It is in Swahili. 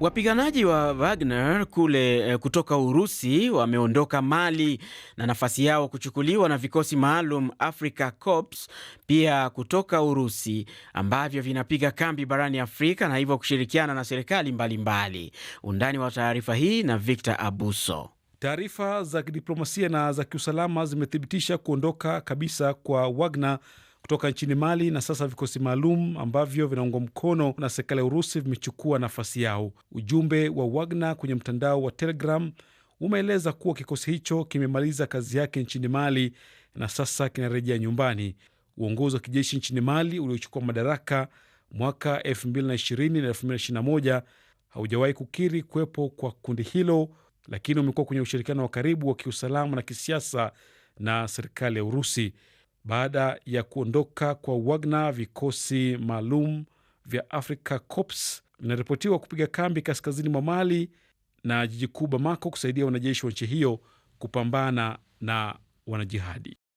Wapiganaji wa Wagner kule eh, kutoka Urusi wameondoka Mali na nafasi yao kuchukuliwa na vikosi maalum Africa Corps pia kutoka Urusi ambavyo vinapiga kambi barani Afrika na hivyo kushirikiana na serikali mbalimbali. Undani wa taarifa hii na Victor Abuso. Taarifa za kidiplomasia na za kiusalama zimethibitisha kuondoka kabisa kwa Wagner kutoka nchini Mali, na sasa vikosi maalum ambavyo vinaungwa mkono na serikali ya Urusi vimechukua nafasi yao. Ujumbe wa Wagner kwenye mtandao wa Telegram umeeleza kuwa kikosi hicho kimemaliza kazi yake nchini Mali na sasa kinarejea nyumbani. Uongozi wa kijeshi nchini Mali uliochukua madaraka mwaka 2020 na 2021 haujawahi kukiri kuwepo kwa kundi hilo, lakini umekuwa kwenye ushirikiano wa karibu wa kiusalama na kisiasa na serikali ya Urusi baada ya kuondoka kwa Wagner. Vikosi maalum vya Africa Corps vinaripotiwa kupiga kambi kaskazini mwa Mali na jiji kuu Bamako kusaidia wanajeshi wa nchi hiyo kupambana na wanajihadi.